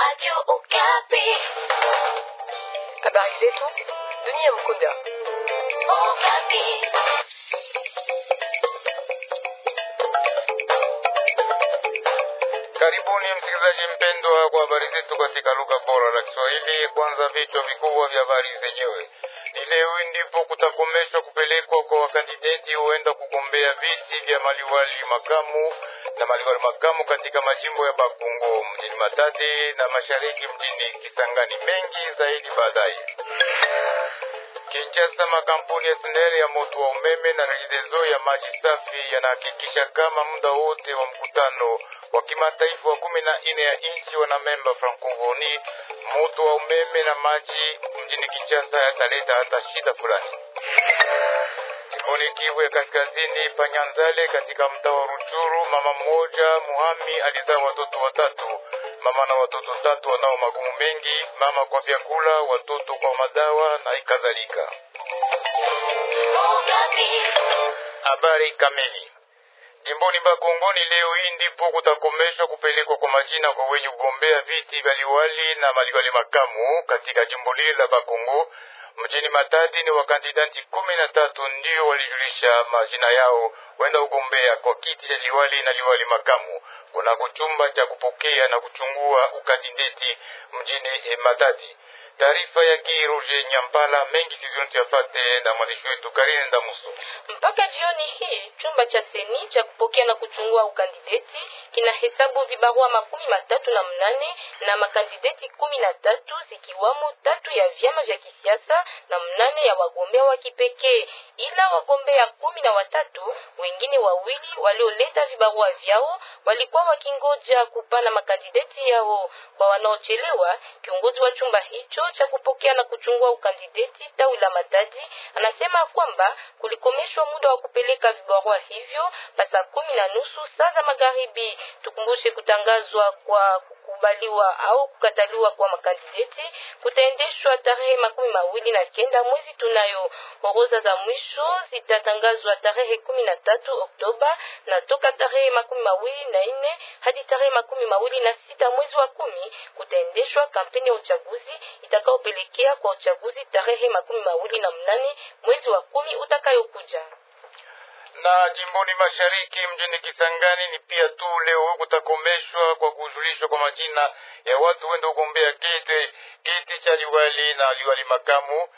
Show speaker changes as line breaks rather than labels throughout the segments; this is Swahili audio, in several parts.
Radio Okapi. Habari zetu dunia
mkunda. Okapi. Karibuni msikilizaji mpendwa kwa habari zetu katika lugha bora la Kiswahili. Kwanza vichwa vikubwa vya habari zenyewe. Ni leo ndipo kutakomeshwa huenda kugombea viti vya maliwali makamu na maliwali makamu katika majimbo ya Bakungo mjini Matadi na mashariki mjini Kisangani. Mengi zaidi baadaye. Kinshasa, makampuni ya SNEL ya moto wa umeme na rejidezo ya maji safi yanahakikisha kama muda wote wa mkutano wa kimataifa wa kumi na nne ya nchi wanamemba Francophonie, moto wa umeme na maji mjini Kinshasa yataleta hata shida fulani. Olikiwe kaskazini Panyanzale, katika mtaa wa Ruchuru, mama mmoja muhami alizaa watoto watatu. Mama na watoto tatu wanao magumu mengi, mama kwa vyakula, watoto kwa madawa na ikadhalika. Habari kamili jimboni Bakongoni leo hii ndipo kutakomeshwa kupelekwa kwa majina kwa wenye kugombea viti vya liwali na maliwali makamu katika jimbo lile la Bakongo mjini Matadi ni wakandidati kumi na tatu ndio walijulisha majina yao wenda ugombea kwa kiti cha liwali na liwali makamu kunako chumba cha kupokea na kuchungua ukandideti mjini eh, Matadi. Taarifa ya Kiruje Nyampala, mengi kizioni tuyafate na mwandishi wetu Karine Ndamuso.
Mpaka jioni hii chumba cha seni cha kupokea na kuchungua ukandideti kina hesabu vibarua makumi matatu na mnane na makandideti kumi na tatu zikiwamo tatu ya vyama vya kisiasa na mnane ya wagombea wa kipekee ila wagombea kumi na watatu wengine wawili walioleta vibarua vyao walikuwa wakingoja kupana makandideti yao kwa wanaochelewa. Kiongozi wa chumba hicho cha kupokea na kuchungua ukandideti tawi la Matadi anasema kwamba kulikomeshwa muda wa kupeleka vibarua hivyo pasa kumi na nusu saa za magharibi. Tukumbushe kutangazwa kwa kukubaliwa au kukataliwa kwa makandideti kutaendeshwa tarehe makumi mawili na kenda mwezi tunayo. Orodha za mwisho zitatangazwa tarehe kumi na tatu Oktoba na toka tarehe makumi mawili na nne hadi tarehe makumi mawili na sita mwezi wa kumi kutaendeshwa kampeni ya uchaguzi itakaopelekea kwa uchaguzi tarehe makumi mawili na mnane mwezi wa kumi utakayokuja
na jimboni mashariki mjini Kisangani ni pia tu leo kutakomeshwa kwa kujulishwa kwa majina ya watu wende kugombea kiti kiti cha liwali na liwali makamu.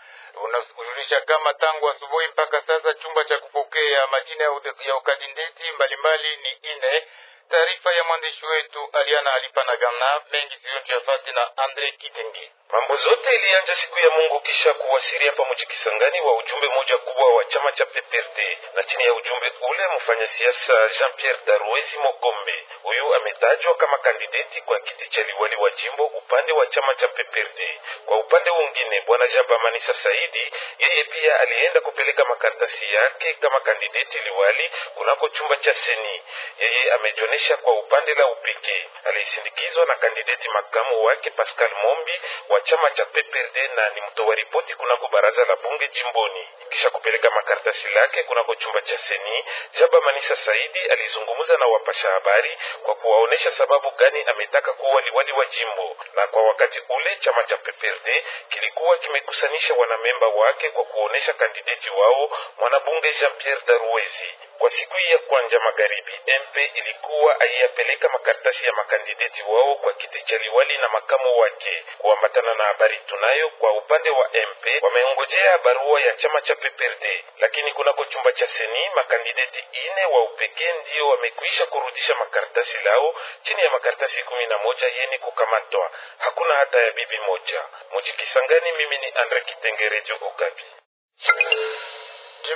Unakujulisha kama tangu asubuhi mpaka sasa chumba cha kupokea majina ya ukandideti mbalimbali ni ine. Taarifa ya mwandishi wetu Aliana Alipa na Gana mengi
ziliyojafati na Andre Kitenge. Mambo zote ilianja siku ya Mungu kisha kuwasiria pamoja Kisangani wa ujumbe moja kubwa wa chama cha PPRD, na chini ya ujumbe ule mfanya siasa Jean-Pierre daruezi Mogombe huyu ametajwa kama kandideti kwa kiti cha liwali wa jimbo upande wa chama cha PPRD. Kwa upande mwingine, bwana Jabamanisa Saidi yeye pia alienda kupeleka makaratasi yake kama kandideti liwali kunako chumba cha seni. Yeye amejonesha kuendesha kwa upande la upekee. Alisindikizwa na kandideti makamu wake Pascal Mombi wa chama cha PPRD na ni mtoa ripoti kunako baraza la bunge jimboni. Kisha kupeleka makaratasi lake kunako chumba cha seni, Jaba Manisa Saidi alizungumza na wapasha habari kwa kuwaonesha sababu gani ametaka kuwa liwali wa jimbo. Na kwa wakati ule chama cha PPRD kilikuwa kimekusanisha wanamemba wake kwa kuonesha kandideti wao mwanabunge Jean Pierre Daruezi. Kwa siku hii ya kwanja magharibi, MP ilikuwa aiyapeleka makaratasi ya makandideti wao kwa kiti cha liwali na makamu wake. Kuambatana na habari tunayo, kwa upande wa MP wameongojea barua ya chama cha PPRD, lakini kunako chumba cha seni makandideti ine wa upekee ndio wamekwisha kurudisha makaratasi lao, chini ya makaratasi kumi na moja yeni kukamatwa, hakuna hata ya bibi moja. Mujikisangani, mimi ni Andre Kitengerejo, Okapi.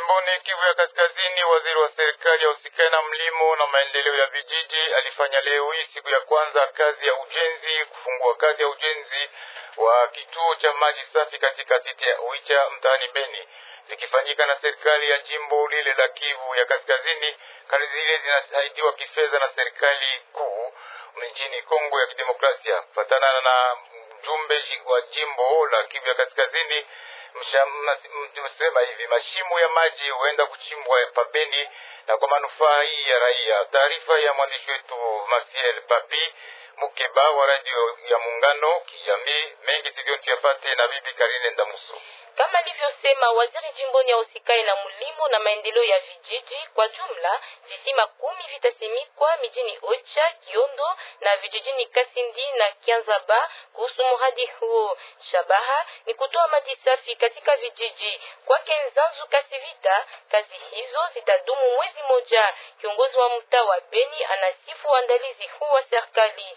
Jimboni
Kivu ya Kaskazini, waziri wa serikali ya usikae na mlimo na maendeleo ya vijiji alifanya leo hii siku ya kwanza kazi ya ujenzi, kufungua kazi ya ujenzi wa kituo cha maji safi katika titi ya Uicha mtaani Beni, zikifanyika na serikali ya jimbo lile la Kivu ya Kaskazini. Kazi zile zinasaidiwa kifedha na serikali kuu nchini Kongo ya Kidemokrasia, kufatana na mjumbe wa jimbo la Kivu ya Kaskazini msema hivi mashimo ya maji huenda kuchimbwa pabeni na kwa manufaa hii ya raia. Taarifa ya mwandishi wetu Masiel Papi mukeba wa radio ya muungano kijamii mengi sivyo tuyapate na bibi Karine Ndamuso
kama alivyosema waziri jimboni ya usikai na mlimo na maendeleo ya vijiji kwa jumla, visima kumi vitasimikwa mijini Ocha, Kiondo na vijijini Kasindi na Kianzaba. Kuhusu mradi huo, shabaha ni kutoa maji safi katika vijiji kwake Nzanzu Kasivita. Kazi hizo zitadumu mwezi moja. Kiongozi wa mtaa wa Beni anasifu uandalizi huu wa serikali.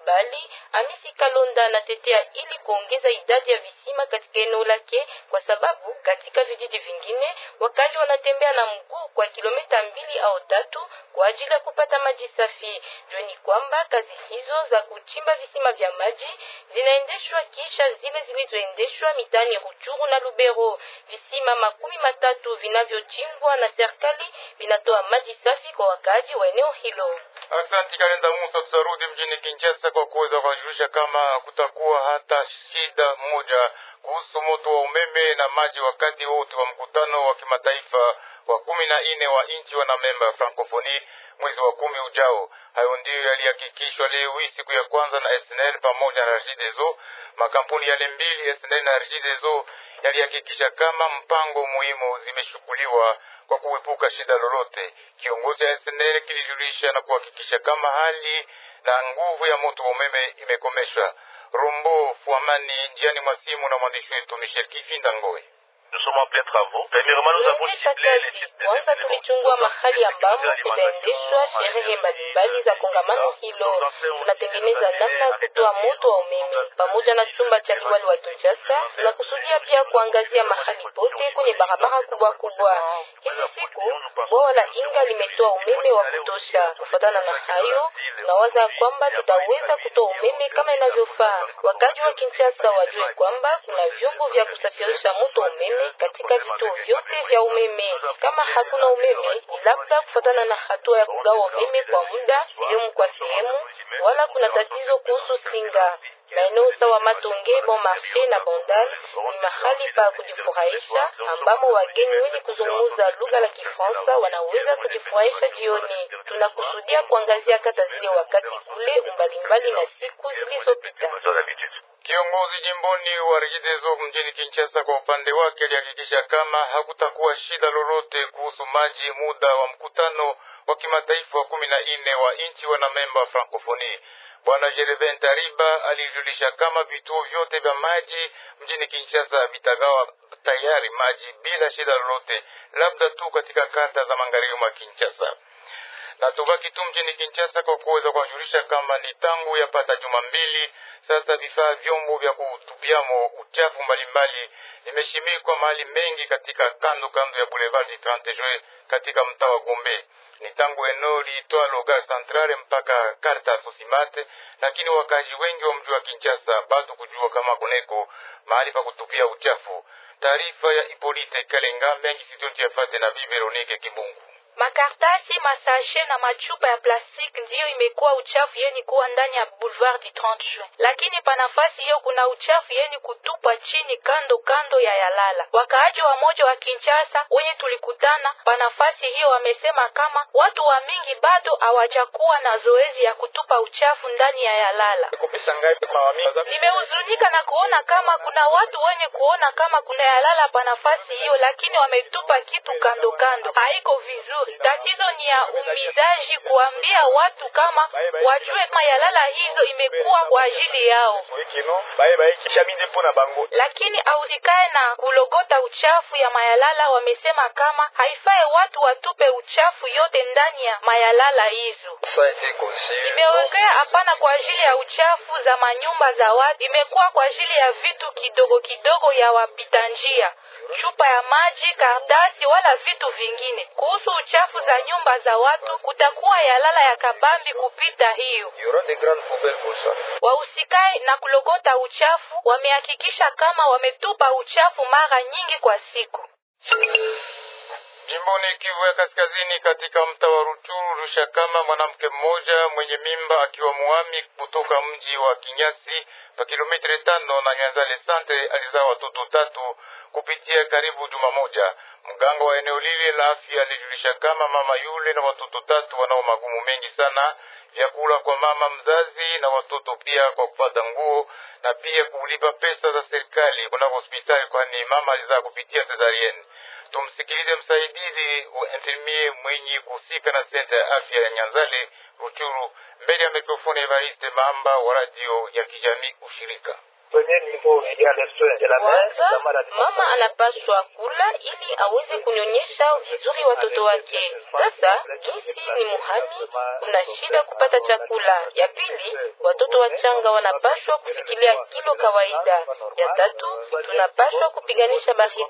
Bali Amisi Kalonda anatetea ili kuongeza idadi ya visima katika eneo lake, kwa sababu katika vijiji vingine wakaji wanatembea na mguu kwa kilomita mbili au tatu kwa ajili ya kupata maji safi. Jueni kwamba kazi hizo za kuchimba visima vya maji zinaendeshwa kisha zile zilizoendeshwa mitaani Ruchuru na Lubero. Visima makumi matatu vinavyochimbwa na serikali vinatoa maji safi kwa wakaji wa eneo hilo.
Asante Kalenda Musa, tutarudi mjini Kinshasa kwa kuweza kujulisha kama kutakuwa hata shida moja kuhusu moto wa umeme na maji wakati wote wa mkutano wa kimataifa wa kumi na nne wa nchi wanamemba ya Frankofoni mwezi wa kumi ujao. Hayo ndiyo yalihakikishwa leo hii siku ya kwanza na SNL pamoja na Regideso. Makampuni yale mbili SNL na Regideso yalihakikisha kama mpango muhimu zimeshughuliwa kwa kuepuka shida lolote. Kiongozi ya SNL kilijulisha na kuhakikisha kama hali na nguvu ya moto wa umeme imekomeshwa. Rombo Fuamani, njiani mwa simu na mwandishi wetu Michel Kifinda Ngoe. Nous sommes en
plein travaux. Premièrement, nous avons ciblé les
Kwanza tulichungua mahali ambamo zinaendeshwa sherehe mbalimbali za kongamano hilo. Tunatengeneza namna ya kutoa moto wa umeme pamoja na chumba cha liwali wa Kinshasa. Tunakusudia pia kuangazia mahali pote kwenye barabara kubwa kubwa. Hizi siku bwawa la Inga limetoa umeme wa kutosha. Kufuatana na hayo, tunawaza kwamba tutaweza kutoa umeme kama inavyofaa. Wakaji wa Kinshasa wajue kwamba kuna vyombo vya kusafirisha moto umeme katika vituo vyote vya umeme. Kama hakuna umeme, labda kufuatana na hatua ya kugawa umeme kwa muda sehemu kwa sehemu, wala kuna tatizo kuhusu singa. Maeneo sawa Matonge, Bon Marché na bondal ni mahali pa kujifurahisha ambamo wageni wenye kuzungumza lugha la Kifaransa wanaweza kujifurahisha jioni. Tunakusudia kuangazia kata zile wakati kule umbalimbali na siku zilizopita.
Kiongozi jimboni wa Regideso mjini Kinshasa kwa upande wake alihakikisha kama hakutakuwa shida lolote kuhusu maji muda wa mkutano wa kimataifa wa kumi na nne wa nchi wanamemba Francophonie. Bwana Jerevin Tariba alijulisha kama vituo vyote vya maji mjini Kinshasa vitagawa tayari maji bila shida lolote, labda tu katika kata za magharibi mwa Kinshasa na tubaki tu mjini Kinshasa kwa kuweza kuwajulisha kama ni tangu yapata juma mbili sasa, vifaa vyombo vya kutupiamo uchafu mbalimbali imeshimikwa mahali mengi katika kando kando ya Boulevard du Trente Juin katika mtaa wa Gombe ni tangu eneo liitwalo Loga Centrale mpaka Karta Sosimate, lakini wakazi wengi wa mji wa Kinshasa bado kujua kama kuneko mahali pa kutupia uchafu. Taarifa ya Ipolite Kalenga mengi sitonti na Bi Veronike Kibungu
makartasi masashe na machupa ya plastiki ndiyo imekuwa uchafu yeni kuwa ndani ya Boulevard du 30 Juin, lakini pa nafasi hiyo kuna uchafu yeni kutupwa chini kando kando ya yalala. Wakaaji wa moja wa Kinshasa wenye tulikutana pa nafasi hiyo wamesema kama watu wa mingi bado hawajakuwa na zoezi ya kutupa uchafu ndani ya yalala. Nimehuzunika na kuona kama kuna watu wenye kuona kama kuna yalala pa nafasi hiyo, lakini wametupa kitu kando kando, haiko vizuri tatizo ni ya umizaji, kuambia watu kama wajue kama yalala hizo imekuwa kwa ajili yao, lakini audikae na kulogota uchafu ya mayalala. Wamesema kama haifai watu watupe uchafu yote ndani ya mayalala hizo. Imeongea hapana kwa ajili ya uchafu za manyumba za watu, imekuwa kwa ajili ya vitu kidogo kidogo ya wapita njia, chupa ya maji, karatasi wala vitu vingine kuhusu chafu za nyumba za watu kutakuwa yalala ya kabambi kupita hiyo. Wahusikae na kulogota uchafu wamehakikisha kama wametupa uchafu mara nyingi kwa siku.
Jimboni Kivu ya Kaskazini, katika mtaa wa Ruchuru Rushakama, mwanamke mmoja mwenye mimba akiwa muami kutoka mji wa Kinyasi pa kilomitre tano na Nyanzale Sante alizaa watoto tatu kupitia karibu juma moja. Mganga wa eneo lile la afya alijulisha kama mama yule na watoto tatu wanao magumu mengi sana, vyakula kwa mama mzazi na watoto pia kwa kupata nguo na pia kulipa pesa za serikali kunako hospitali, kwani mama alizaa kupitia sezarieni tumsikilize msaidizi wa NTMA mwenye kuhusika na senta ya afya ya Nyanzale Ruchuru mbele ya mikrofoni ya Evariste Mamba wa radio ya kijamii
ushirika kwanza mama
anapaswa kula ili aweze kunyonyesha vizuri watoto wake. Sasa jinsi ni muhami, kuna shida kupata chakula. Ya pili, watoto wachanga wanapaswa kufikilia kilo kawaida. Ya tatu, tunapaswa kupiganisha baridi.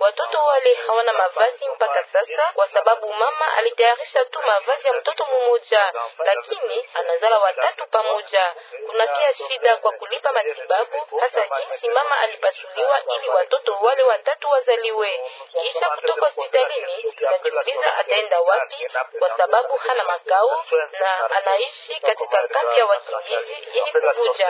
Watoto wale hawana mavazi mpaka sasa, kwa sababu mama alitayarisha tu mavazi ya mtoto mmoja, lakini anazala watatu pamoja. Kuna pia shida kwa kulipa matibabu sababu hasa jinsi mama alipasuliwa ili watoto wale watatu wazaliwe. Kisha kutoka hospitalini, tunajiuliza ataenda wapi, kwa sababu hana makao na anaishi katika kambi ya wakimbizi ili kuvuja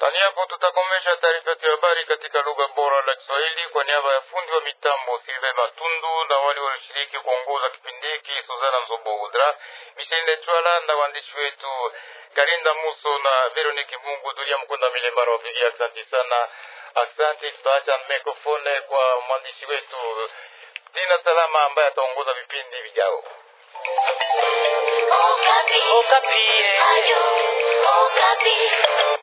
Tania hapo tutakomesha taarifa yetu ya habari katika lugha bora la Kiswahili kwa niaba ya fundi wa mitambo Sive Matundu na wale walioshiriki kuongoza kipindi hiki Suzana Nzobo Udra, Micheline Chwala na waandishi wetu Karinda Muso na Veronique Mungu Dulia Mkunda Milembara wapigia. Asante sana, asante. Tutaacha mikrofone kwa mwandishi wetu Tina Salama ambaye ataongoza vipindi vijao. Okapi. Oh, Okapi.
Oh,